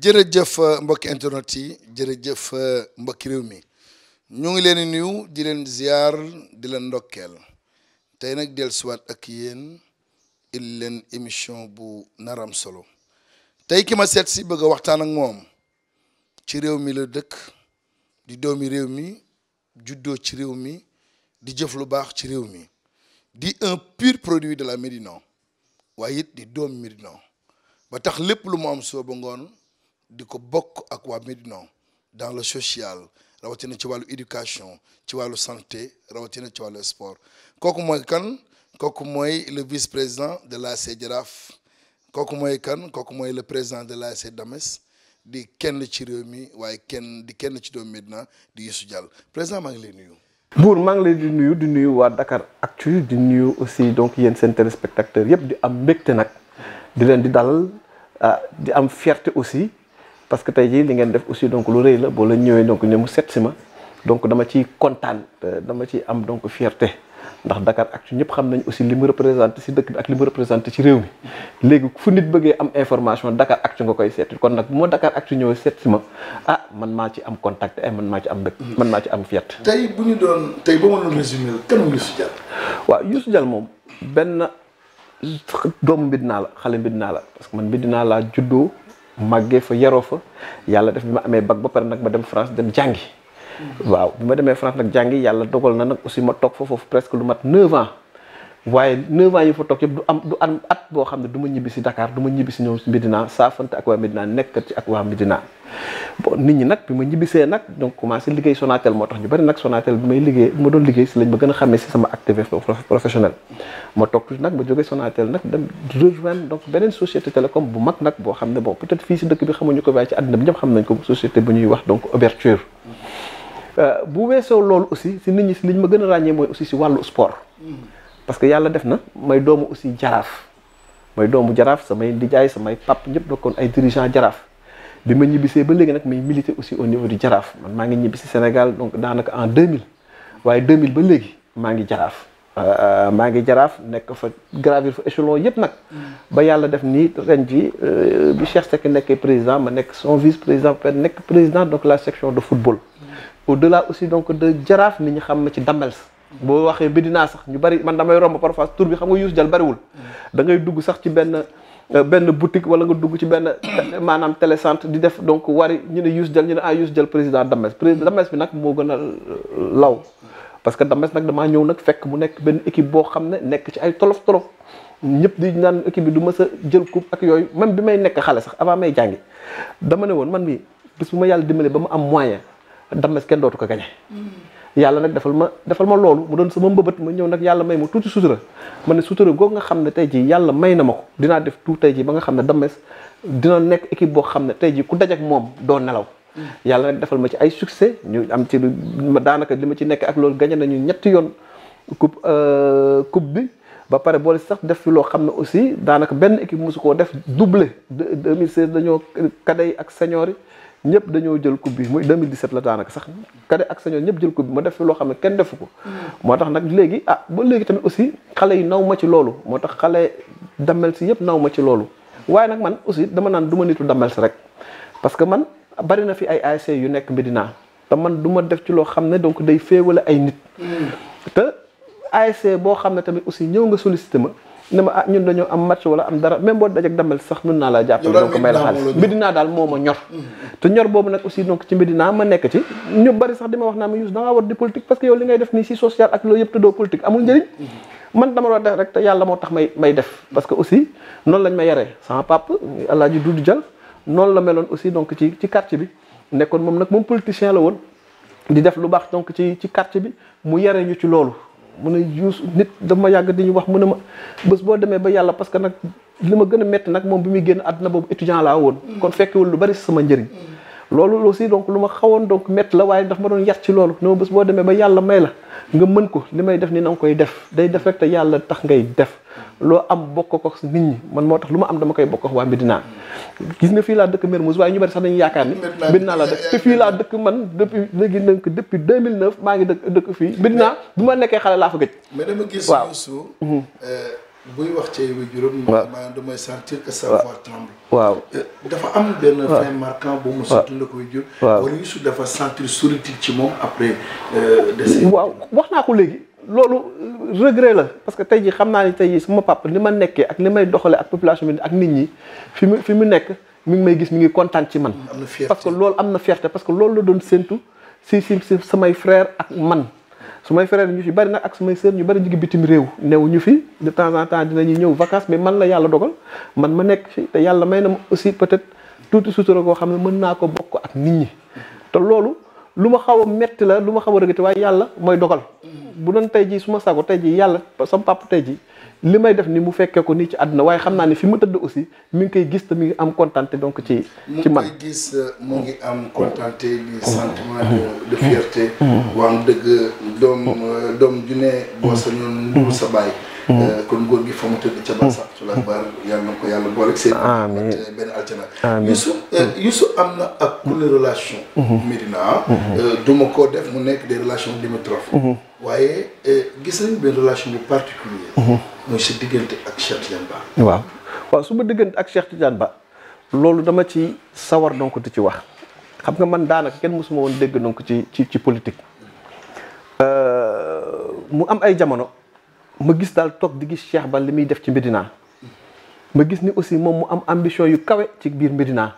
jërëjëf euh, mbokki internet yi jërëjëf euh, mbokki réew mi ñu ngi leen di nuyu di leen ziar di leen ndokkeel tey nag dellusiwaat ak yeen il leen émission bu naram solo tey kima seet si bëgg a waxtaan ak moom ci réew mi la dëkk di doomi réew mi juddoo ci réew mi di jëf lu baax ci réew mi di un produit de la Médina waaye it di doom Médina ba tax lépp lu mu am soo ngoon di ko bokk ak wa Médina dans le social rawatina ci walu éducation ci walu santé rawatina ci walu sport kooku moy kan kooku moy le vice président de la e Jaraaf kooku moy kan kooku moy le président de la e Dames di kenn ci réew mi waaye kenn di kenn ci do Médina di Youssou dial président maa ngi lay nuyu. Bour maa ngi lay di nuyu di nuyu wa Dakar ci di nuyu aussi donc yéen seen téléspectateurs yëpp di am mbégte nak di len di dalal ah, di am fierté aussi parce que tey jii li ngeen def aussi donc lu rëy la bo la ñëwee donc ne mu seet donc dama ci contane dama ci am donc fierté ndax Dakar ak Actu ñëpp xam nañ aussi li mu représenté si dëkk bi ak li mu représenté ci réew mi légui fu nit bëggee am information Dakar ak Actu nga koy seet kon nak bu ma Dakar ak ñëwee ñëw si ah man ma ci am contact ay eh, man ma ci am dëkk man ma ci am fierté. tay bu ñu doon tay ba ma doon résumé kan mu Youssou Diall. waaw Youssou jall mom ben doom bidna la xalé bidna la parce que man bidna la juddoo. màggee fa yaroo fa yàlla def bi ma amee bac ba pare nag ma dem France dem jàngi mm. waaw bi ma demee France nag jàngi yàlla dogal na nag aussi ma toog fa foofu presque lu mat 9 ans waaye neuf ans yi fa toog yëpp du am du am at boo xam ne du ma ñibbi si Dakar du ma ñibbi si ñoom Medina saafante ak waa Medina nekk ci ak waa Medina bon nit ñi nag bi ma ñibbisee nag donc commencé moo tax ñu bari nag Sonatel bi ma doon liggéey si lañ ma a xamee si sama activité professionnelle ma toog tuuti nag ma jógee Sonatel nag dem rejoindre donc beneen société télécom bu mag nag boo xam ne boo peut-être fii si dëkk bi xamuñu ko waaye ci àddina bi ñëpp xam nañ ko société bu ñuy wax donc Oberture euh, bu weesoo loolu aussi si nit ñi si liñ ma gën a ràññee mooy aussi si wàllu sport hmm. parce que yàlla def na may doomu aussi jaraaf may doomu jaraaf samay ndijaay samay pap ñëpp dokkoon ay dirigeant jaraaf bi ma ñibbisee ba léegi nag may militer aussi au niveau du jaraaf man maa ngi ñibbisi Sénégal donc daanaka en 2000 waaye deux 2000 ba léegi maa ngi jaraaf euh, euh, maa ngi jaraaf nekk fa gravir fa échelon yëpp nag mm. ba yàlla def nii ren ji euh, bi cher Seck nekkee président ma nekk son vice président pa nekk président donc la section de football mm. au delà aussi donc de jaraaf ni ñu xam na ci Damels boo waxee Medina sax ñu bari man damay romb parfois tur bi xam nga Youssou jal bariwul da ngay dugg sax ci benn euh, benn boutique wala nga dugg ci benn maanaam télécentre di def donc wari ñu ne Youssou jal ñu ne ay ah Youssou Dial président Dames président Dames bi nag moo gën a euh, law parce que Dames nag damaa ñëw nag fekk mu nekk benn équipe boo xam ne nekk ci ay tolof tolof ñëpp di naan équipe bi du mës a jël coupe ak yooyu même bi may nekk xale sax avant may jàngi dama ne woon man mii bis ma yàlla dimbale ba ma am moyen Dames kenn dootu ko gañe yàlla nag defal ma defal ma loolu mu doon sama mbëbët ma ñëw nag yàlla may ma tuuti sutura ma ne sutura googu nga xam ne tey jii yàlla may na ma ko dinaa def tuuti tey jii ba nga xam ne dames dina nekk équipe boo xam ne tey jii ku dajeek moom doo nelaw mm. yàlla nag defal ma ci ay succès ñu am ci daanaka li ma ci nekk ak loolu gañe ñu ñetti yoon coupe euh, coupe bi ba pare boole sax def fi loo xam ne aussi daanaka benn équipe mosu koo def doublé 2016 dañoo cadet yi ak seniors yi ñëpp dañoo jël coupe bi muy 2017 la daanaka sax cadet ak senior ñëpp jël coupe bi ma def fi loo xam ne kenn defu ko mm. moo tax nag léegi ah ba léegi tamit aussi xale yi naw ma ci loolu moo tax xale dammel si yëpp naw ma ci loolu waaye nag man aussi dama naan du ma nitu dammel si rek parce que man bari na fi ay ASC yu nekk Médina te man duma def ci loo xam ne donc day féewale ay nit mm. te ASC boo xam ne tamit aussi ñëw nga sollicité ma ne ma ah ñun dañu am match wala am dara même boo dajek dambal sax mën naa laa jàppale donc may la xal Medina dal moma ñor mm-hmm. te ñor bobu nak aussi donc ci Medina ma nekk ci ñu bari sax di wax na ma Youssou da nga war di politique parce que yow li ngay def ni ci social ak lo yep tuddoo politique amul njëriñ mm-hmm. man dama doon def rek te yalla mo tax may may def parce que aussi non lañ ma yaré sama papa allah ji dudd Dial non la melone aussi donc ci ci quartier bi nekkon mom nak mom politicien la won di def lu bax donc ci ci quartier bi mu yaré ñu ci lolu mu ne Youssou nit dama yàgg di ñu wax mu ne ma bés boo demee ba yàlla parce que nag li ma gën a métti nag moom bu muy génn àdduna boobu étudiant laa woon. Mm. kon fekkewul lu bari sama njëriñ. Mm. loolu aussi donc lu ma xawoon donc métti la waaye ndax ma doon yar ci loolu ne ma bés boo demee ba yàlla may la nga mën ko li may def nii na nga koy def day def rek te yàlla tax ngay def loo am bokk ko nit ñi man moo tax lu ma am dama koy bokk waa Médina gis nga fii laa dëkk Mermoz waaye ñu bari yaakaar ni Médina laa dëkk te fii laa dëkk man depuis léegi donc depuis 2009 maa ngi dëkk dëkk fii Médina bu ma nekkee xale laa fa gëj mais dama gis waaw mhm. euh, buy wax ci wi juróom. waaw man damay sentir que sa voix tremble. waaw dafa am benn. fait marquant bu mu sotti la koy jur. waaw wala Youssou dafa sentir solitude ci moom après. Euh, décès waaw wax naa ko léegi loolu euh, regret la parce que tey jii xam naa ni tey jii sama papa li ma nekkee ak li may doxalee ak population ak nit ñi fi mu fi mi ngi gis mi ngi kontaan ci man. parce que loolu am na fierté parce que loolu la doon séntu si si si samay frère ak man. sumay frère ñu ci bari nag ak sumay sœur ñu bari jigi bitim réew new ñu fi de temps en temps dinañuy ñëw vacances mais man la yàlla dogal man ma nekk fi te yàlla may na ma aussi peut-être tuuti sutura koo xam ne mën naa ko bokk ak nit ñi te loolu lu ma xaw a metti la lu ma xaw a rëgati waaye yàlla mooy dogal mm-hmm. bu doon tey jii su ma sago tey ji yàlla sama papa tey ji li may def ni mu fekkee ko nii ci àdduna waaye xam naa ne fi ma tëdd aussi mi ngi koy gis te mi ngi am contenté donc ci ci man mu ngi gis euh, mu ngi am contenté bi sentiment de fierté. Mm-hmm. waa am dëgg doom mm-hmm. euh, doom ju ne boo sa ñoon nduru sa bàyyi Mm-hmm. Euh, kon góor gi fa mu tëdd ca barsax su mm-hmm. la bar yàlla na ko yàlla boole seen amiin benn aljana amiin euh, mm-hmm. am na ak ku relation Médina euh, koo def mu nekk de des relations limitrophes waaye gis nañu benn relation bu particulière mooy sa diggante ak Cheikh Tidiane Ba waaw waaw su ma diggante ak Cheikh Tidiane Ba loolu dama ci sawar donc di ci wax xam nga man daanaka kenn mosuma woon dégg donc ci ci ci politique mu am ay jamono ma gis daal toog di gis Cheikh Ba li muy def ci Medina ma gis ni aussi moom mu am ambition yu kawe ci biir Medina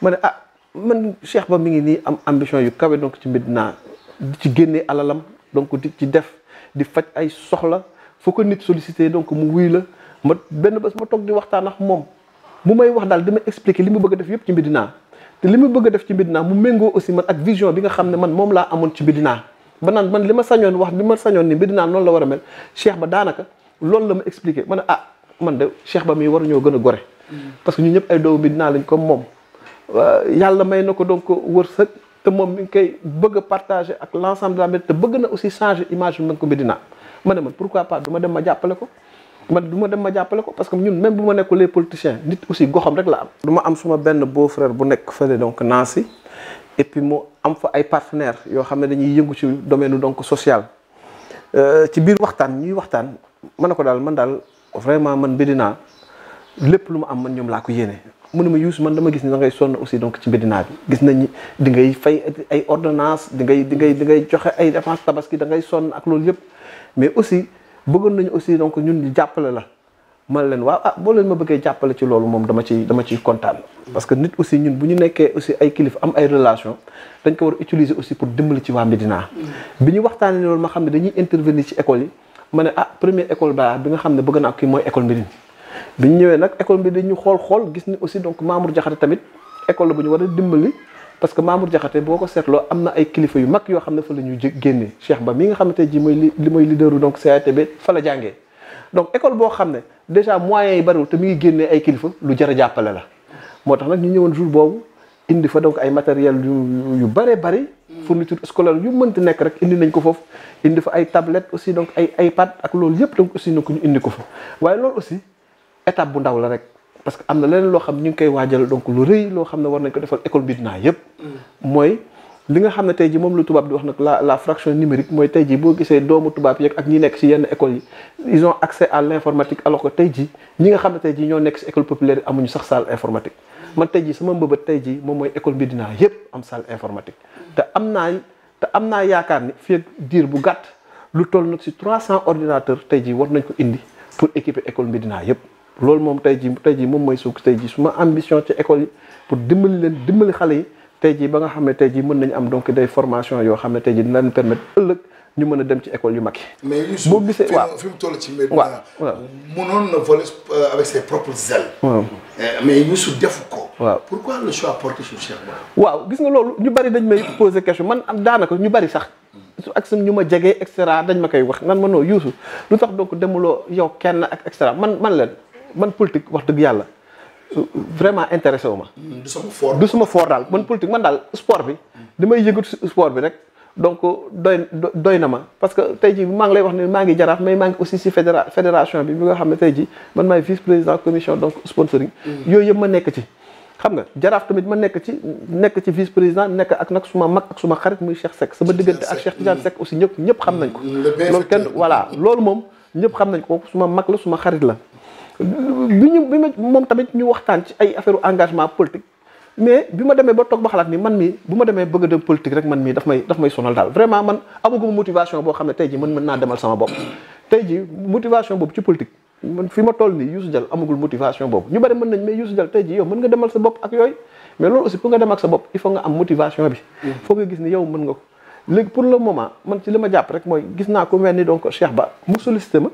ma ne ah man Cheikh Ba mi ngi nii am ambition yu kawe donc ci Medina ci génnee alalam donc di ci def di faj ay soxla foo ko nit sollicité donc mu wuy la ma benn bés ma toog di waxtaan ak moom mu may wax daal di ma expliquer li mu bëgg a def yëpp ci Medina te li mu bëgg a def ci Medina mu méngoo aussi man ak vision bi nga xam ne man moom laa amoon ci Medina. ba naan man li ma sañoon wax li ma sañoon ni Medina noonu la war a mel cheikh ba daanaka loolu la ma expliqué ma ne ah man de cheikh ba muy war ñoo gën a gore parce que ñu ñëpp ay doomu Medina lañ comme moom euh, yàlla may na ko donc wërsëg te moom mi ngi koy bëgg a partager ak l' ensemble de la te bëgg na aussi changer image bi ma ko Medina ma ne man pourquoi pas ma dem ma jàppale ko man du ma dem ma jàppale ko parce que ñun même bu ma nekkulee politicien nit aussi goxam rek la am. du ma am suma benn beau frère bu nekk fële donc Nancy et puis mu am fa ay partenaires yoo xam ne dañuy yëngu ci domaine donc social euh, ci biir waxtaan ñuy waxtaan man na ko daal man daal vraiment man Médina lépp lu mu am man ñoom laa ko yéene mu ne ma Youssou man dama gis ni da ngay sonn aussi donc ci Médina bi gis nañ dingay ngay fay ay ordonnance di ngay di ngay di ngay joxe ay dépense tabaski da ngay sonn ak loolu yëpp mais aussi bëggoon nañu aussi donc ñun ñu jàppale la man leen waaw ah boo ma bëggee jàppale ci loolu moom dama ci dama ciy kontaan parce que nit aussi ñun bu ñu nekkee aussi ay kilifa am ay relation dañ ko war utiliser aussi pour dimbali ci waa Médina bi ñu waxtaanee loolu ma xam ne dañuy intervenir ci école yi ma ne ah première école ba bi nga xam ne bëgg naa kii mooy école Mbirine bi ñu ñëwee nag école Mbirine ñu xool xool gis ni aussi donc Mamour Diakhaté tamit école la bu ñu war a dimbali parce que Mamour Diakhaté boo ko seetloo am na ay kilifa yu mag yoo xam ne fa la ñuy génnee Cheikh Ba mi nga xam ne tey ji li mooy leaderu donc CATB la jàngee donc école boo xam déjà moyens yi bariwul te mi ngi génnee ay kilifa lu jar a jàppale la moo tax nag ñu ñëwoon jour boobu indi fa donc ay matériel yu yu bare bari fourniture scolaire yu mënti nekk rek indi nañ ko foofu indi fa ay tablette aussi donc ay iPad ak loolu yëpp donc aussi donc ñu indi ko fa waaye loolu aussi étape bu ndaw la rek parce que am na leneen loo xam ñu ngi koy waajal donc lu rëy loo xam ne war nañ ko defal école bi dinaa yëpp mm. li nga xam ne tey ji moom lu tubaab di wax nag la la fraction numérique mooy tey ji boo gisee doomu tubaab yeeg ak ñi nekk si yenn écoles yi ils ont accès à l' informatique alors que ji ñi nga xam ne tey ji ñoo nekk si école populaire amuñu sax salle informatique man tey ji sama mbëbët tey ji moom mooy école bi dinaa yépp am salle te am naa te am naa yaakaar ni fii diir bu gàtt lu toll nag si 300 ordinateurs tey ji war nañ ko indi pour équiper école bi dinaa loolu moom ji tey ji moom mooy suuk tey ji suma ambition ci école yi pour dimbali leen dimbali xale yi tey jii ba nga xam ne tey jii mën nañu am donc day formation yoo xam ne tey jii dina ñu mën a dem ci école yu mag yi. boo gisee waaw fi mu toll ci mbir waaw waaw mënoon na voler euh, avec ses propres euh, mais Youssou defu ko. waaw pourquoi le choix porté waaw gis nga loolu ñu bari dañ may poser question man daanaka ñu bari sax. su ñu ma jegee et cetera dañ ma koy wax nan ma noo Youssou lu tax donc demuloo yow kenn ak et man man leen man politique wax dëgg yàlla. vraiment intéressé wu ma. du sama fort du sama fort daal man politique man daal sport bi. damay yëngatu sport bi rek. donc doy nama, ma parce que tey jii maa ngi lay wax ne maa ngi mais maa ngi aussi si fédéra fédération bi bi nga xam ne tey jii man maay vice président commission donc sponsoring. Mm. yooyu yëpp ma nekk ci. xam nga jaraaf tamit ma nekk ci nekk ci vice président nekk ak nag suma mak ak suma xarit muy Cheikh Seck sama diggante ak Cheikh Tidiane Seck aussi ñëpp ñëpp xam nañ ko. Mm. loolu kenn voilà loolu moom ñëpp xam nañ ko suma mak la suma xarit la. bi ñu bi ma moom tamit ñu waxtaan ci ay affaire engagement politique mais bi ma demee ba toog ba xalaat ni man mii bu ma demee bëgg a dem politique rek man mii daf may daf may sonal daal vraiment man amaguma motivation boo xam ne tey ji man mën naa demal sama bopp tey ji motivation boobu ci politique fi ma toll nii Youssou Dial amagul motivation boobu ñu bari mën nañ mais Youssou Dial tey ji yow mën nga demal sa bopp ak yooyu mais loolu aussi pour nga dem ak sa bopp il faut nga am ni yow mën nga ko léegi le moment man ci li ma jàpp rek mooy gis naa ku mel ni donc Cheikh Ba mu sollicité ma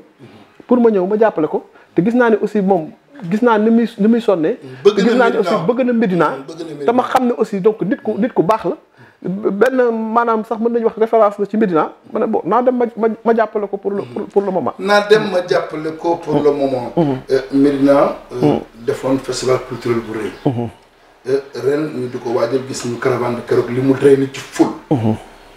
pour ma ñëw ma jàppale ko te gis naa ne aussi moom gis naa ni muy ni muy sonnee gis naa ne aussi bëgg na Médina te ma xam ne aussi donc nit ku nit ku baax la benn maanaam sax mën nañu wax référence la ci Médina ma ne bon naa dem ma ma jàppale ko pour le pour le moment naa dem ma jàppale ko pour le moment mm-hmm. Mm-hmm. Euh, Médina euh, mm-hmm. defoon festival culturel bu rëy euh, ren ñu di ko waajal gis ñu caravane bi keroog li mu rëy ni ci ful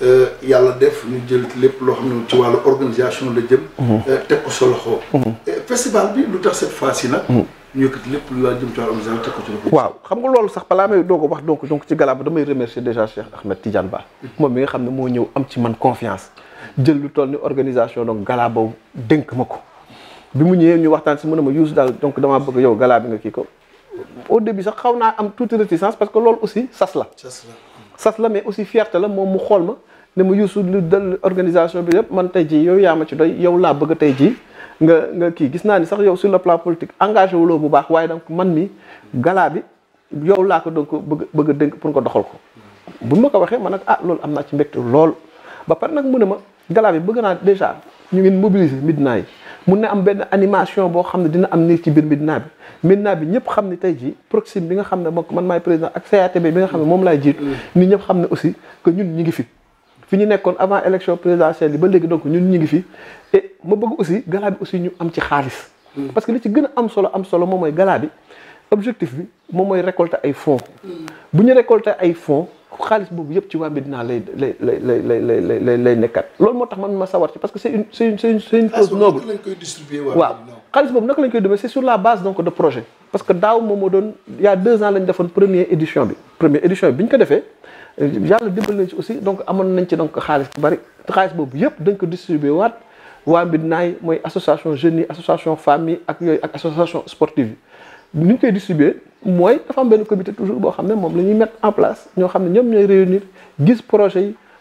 Euh, yàlla def ñu jël lépp loo xam ne ci wàllu organisation la jëm. Mhm. Euh, teg ko sa loxo. Mhm. festival bi lu tax cette fois nag. Mhm. ñu yëkkati lépp lu laa jëm ci waaw xam nga loolu sax balaa may doog a wax donc donc ci gala ba damay remercier déjà Cheikh Ahmed Tidiane Ba. moom mi nga xam ne moo ñëw am ci man confiance. jël lu toll ni organisation donc gala boobu dénk ma ko. bi mu ñëwee ñu waxtaan si mu ne ma Youssou daal donc damaa bëgg yow gala bi nga kii ko. au xaw naa am tuuti réticence parce que loolu aussi sas la. sas la mais aussi fierté la moom mu xool ma. ne ma Youssou lu dal organisation bi yëpp man tey jii yow yaa ma ci doy yow laa bëgg tey jii nga nga kii gis naa ni sax yow sur le plan politique engagé wuloo bu baax waaye donc man mi galaa bi yow laa ko donc bëgg bëgg a pour nga doxal ko bu ma ko waxee man nag ah loolu am naa ci mbégte lool ba pare nag mu ne ma galaa bi bëgg naa dèjà ñu ngi mobiliser Médina yi mun na am benn animation boo xam ne dina am nii ci biir Médina bi Médina bi ñëpp xam ne tey jii proxime bi nga xam ne man maay président ak nga xam ne moom laay jiitu mm. ni ñëpp xam ne aussi que ñun ñi ngi fi fi ñu avant élection présidentielle bi ba légui donc ñun ñu ngi fi et ma bëgg aussi gala bi aussi ñu am ci xaalis. Hmm. parce que li ci gëna am solo am solo moom moy gala bi objectif bi moom moy récolter ay fonds. Hmm. bu ñu récolter ay fonds xaalis bobu yëpp ci waa Médina lay lay lay lay lay lay lay nekkat loolu motax man ma sawar ci parce que c'est une c'est une c'est une c'est une chose noble. waaw xaalis boobu naka lañ koy distribuer waaw xaalis c'est sur la base donc de projet. parce que daaw moom moo doon il y a deux ans lañ defoon première édition bi première édition bi bi ñu ko defee. Euh, yàlla dimbal nañ ci aussi donc amon nañ ci donc xaalis bu bari xaalis bobu yépp dañ ko distribué waat waa Mbidnaay moy association jeunesse association famille ak yoy ak association sportive yi. ni ñu koy distribuer moy dafa am ben comité toujours bo xamné mom lañuy mettre en place ñoo xamné ñom ñoy réunir gis projet yi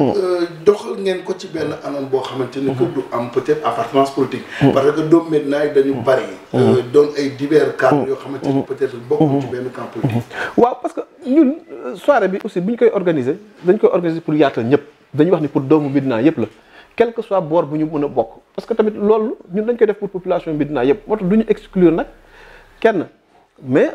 Euh, doxal ngeen ko ci benn anam boo xamante ni ko du am peut-être appartenance mm. parce que doomu Médina yi dañu mm. bari mm. Euh, doon ay divers cadres yoo xamante ni peut-être bokk ci benn camp politique mm-hmm. waaw parce que ñun euh, soirée bi aussi bu ñu koy organiser dañ koy organiser pour yaatal ñëpp dañuy wax ni pour doomu Médina yëpp la quel que soit boor bu ñu mën a bokk parce que tamit loolu ñun dañ koy def pour population Médina yëpp moo tax du ñu exclure nag kenn mais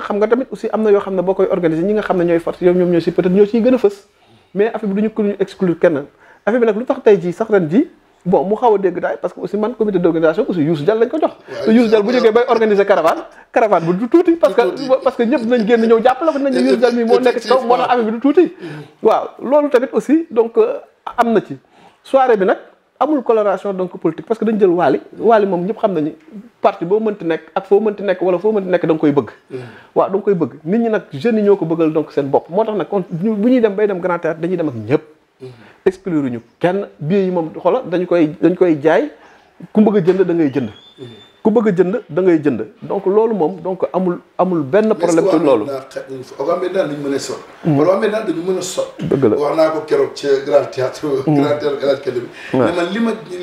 mais affaire bi du ñu ko exclure kenn affaire bi nag lu tax tey jii sax ren jii bon mu xaw a dégg daay parce que aussi man comité d' organisation aussi Youssou Diall lañ ko jox te Youssou Diall bu jógee bay organiser caravane caravane bu du tuuti parce que ñëpp nañ génn ñëw jàppale ko nañ Youssou Diall mii moo nekk ci kaw moo tax affaire bi du tuuti mm-hmm. waaw loolu tamit aussi donc euh, am na ci soirée bi nag amul coloration donc politique parce que dañ jël waali waali moom ñëpp xam nañu parti boo mënti nekk ak foo mënti nekk wala foo mënti nekk da nga koy bëgg mm. waaw da koy bëgg nit ñi nag jeunes yi ñoo ko bëggal donc seen bopp moo tax nag kon bu ñuy dem bay dem grand théâtre dañuy dem ak ñëpp mm. exclure ñu kenn billet yi moom xola dañ koy dañ koy jaay ku bëgg a jënd da ngay jënd mm. ku bëgg jënd da ngay jënd donc loolu moom donc amul amul benn problème ci loolu ogambe a sot wala amee daan dañu mën a sot dëgg la wax naa ko keroog li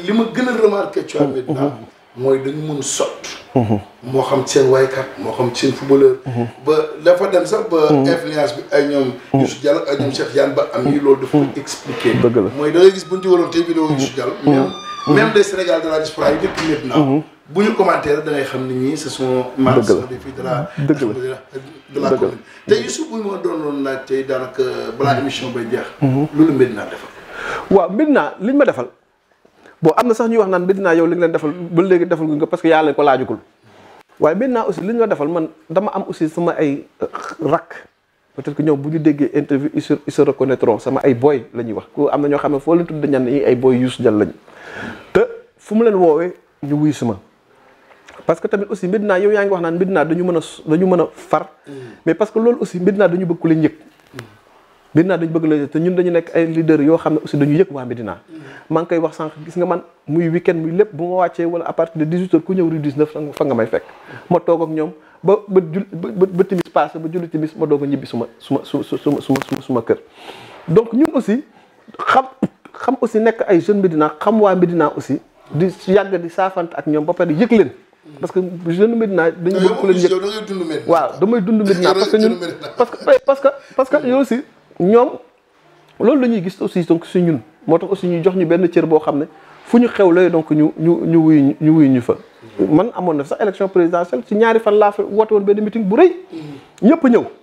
li ma gën a remarqué ci amee daan mooy dañu mën sot moo xam seen waykat moo xam seen footballeur ba dafa dem sax ba influence bi ay ñoom Youssou Diallo ak ñoom Cheikh Yane ba am yi loolu dafa expliqué dëgg la mooy da ngay ci waroon tey vidéo Youssou Diallo même la bu ñu commentaire da ngay xam ni ñii ce sont. dëgg la des filles de la de la commune. tey su bu ma doonoon laaj mhm. waaw Medina liñ ma defal bon am na sax ñuy wax naan Medina yow li nga leen defal ba léegi defal gu nga parce que yaa leen ko laajugul. waaye Medina aussi liñ ma defal man dama am aussi sama ay euh, rakk peut-être que bu ñu déggee interview ils se ils sama ay booy la ñuy wax ku am na ñoo xam ne foo leen tudd ñan ñi ay boy Youssou Diall lañu. te fu mu leen woowee ñu wuyu si ma parce que tamit aussi midna yow yaangi wax nan midna dañu mëna dañu mëna far mm. mais parce que lool aussi midna dañu bëgg ku leen yëg midna mm. dañu bëgg la te ñun dañu nek ay leader yo xam aussi dañu yëk wa midna mm. maa ngi koy wax sank gis nga man muy weekend muy lepp bu ma wàccee wala à partir de 18 h ku ñëw rue 19 fa nga may fekk ma toog ak ñom ba ba ba timis passé ba julli timis ma dogo ñibi ñibbi suma suma suma suma suma kër donc ñun aussi xam xam aussi nek ay jeune midina xam wa midina aussi di yag di saafante ak ñom ba pare yëg leen parce que jeune Médina dañu bëgg ku leen yëg waaw damay dund Médina parce que ñun parce que eh, parce que parce que yow si ñoom loolu la ñuy gis aussi donc si ñun moo tax aussi ñuy jox ñu benn cër boo xam ne fu ñu xew xewlee donc ñu ñu ñu wuyu ñu wuyu ñu fa man amoon na sax élection présidentielle si ñaari fan laa fa woote woon benn meeting bu rëy mm-hmm. ñëpp ñëw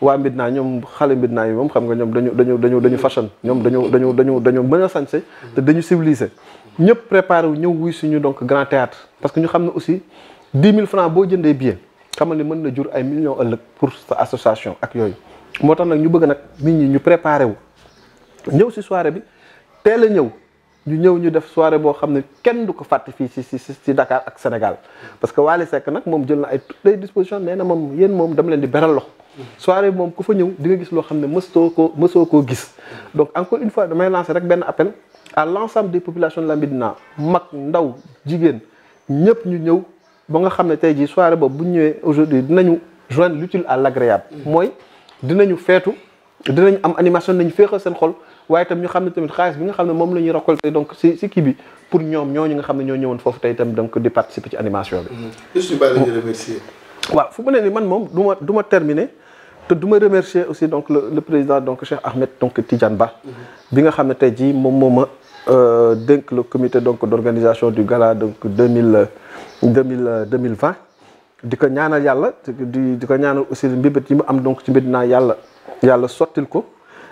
waa Mbidna ñoom xale Mbidna yi moom xam nga ñoom dañu dañu dañu dañu fashion ñoom dañu dañu dañu dañu mën a sañse te dañu civilisé ñëpp préparé wu ñëw wuy suñu donc grand théâtre parce que ñu xam ne aussi dix mille francs boo jëndee billet xamal ni mën na jur ay million ëllëg pour sa association ak yooyu moo tax nag ñu bëgg nag nit ñi ñu préparé wu ñëw si soirée bi teel a ñëw ñu ñëw ñu def soirée boo xam ne kenn du ko fàtte fii si si si Dakar ak Sénégal parce que Wally Seck nag moom jël na ay toutes les dispositions nee na moom yéen moom dama leen di beral loxo soirée mom ku fa ñew di nga gis lo xamné donc encore une fois damay lancer rek appel à l'ensemble des populations de la mak ndaw jigen ñu ñew ba nga xamné tay soirée bu aujourd'hui dinañu joindre l'utile à l'agréable moy mm. dinañu fétu dinañ am animation nañu seen xol waye tam ñu xamné tamit bi nga xamné nous donc c'est qui bi pour ñom ñoñu nga xamné ñoo donc di participer ci animation bi. Mm-hmm. juste la remercier waaw fu mu ne nii man moom du ma du ma terminer te du remercier aussi donc le, président donc Cheikh Ahmed donc Tidiane Ba. Mhm. bi nga xam ne tey jii moom moo ma euh, le comité donc d'organisation du gala donc 2000 2000 2020 mille deux mille vingt di ñaanal yàlla di ñaanal aussi mbibét yi mu am donc ci mbir naa yàlla yàlla sottil ko.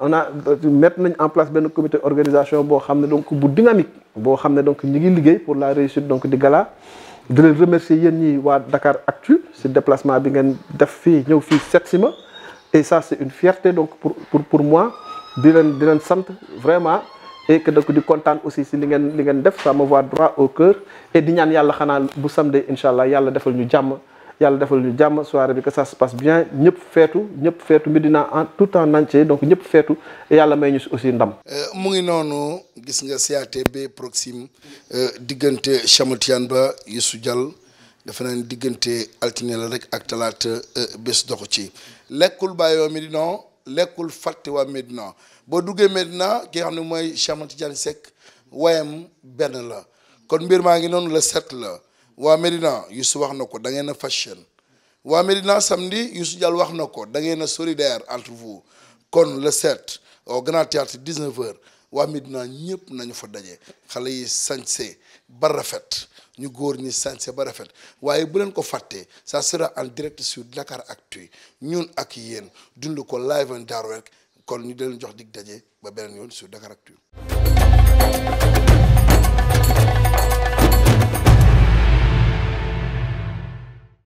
on a met en place ben comité organisation boo xam donc bu dynamique boo xam donc ñu ngi liggéey pour la réussite donc di gala de leen remercier yéen ñi waa Dakar Actu ce déplacement bi ngeen def fi ñëw fi et ça c'est une fierté donc pour pour pour moi di len di len sante vraiment et que donc du content aussi si li ngeen li ngeen def ça me voit droit au cœur et di ñaan yalla xana bu samedi inshallah yalla defal ñu jamm yalla defal ñu jamm soirée bi que ça se passe bien ñepp feetu ñepp feetu medina en tout en entier donc ñepp feetu yalla may ñu aussi ndam. euh mu ngi nonu gis nga CATB Proxim euh diggante Chamatiane ba Youssou Diall dafa naa ni diggante la rek ak euh bës doxu ci lekul bayo medina lekul fàtte waa Médina boo duggee Médina ki nga xam ne mooy wayam ben la kon mbir ma ngi noonu la set la. waa Medina Youssou wax na ko dangeen ngeen a fashion waa Medina samedi Youssou Diall wax na ko da ngeen a solidaire entre vous kon le 7 au Grand Théâtre 19h waa Medina ñëpp nañu fa daje xale yi sañse ba rafet ñu góor ñi sañse ba rafet waaye bu leen ko fàttee ça sera en direct sur Dakaractu ñun ak yéen dund ko live en direct kon ñu di jox dig daje ba beneen yoon sur Dakaractu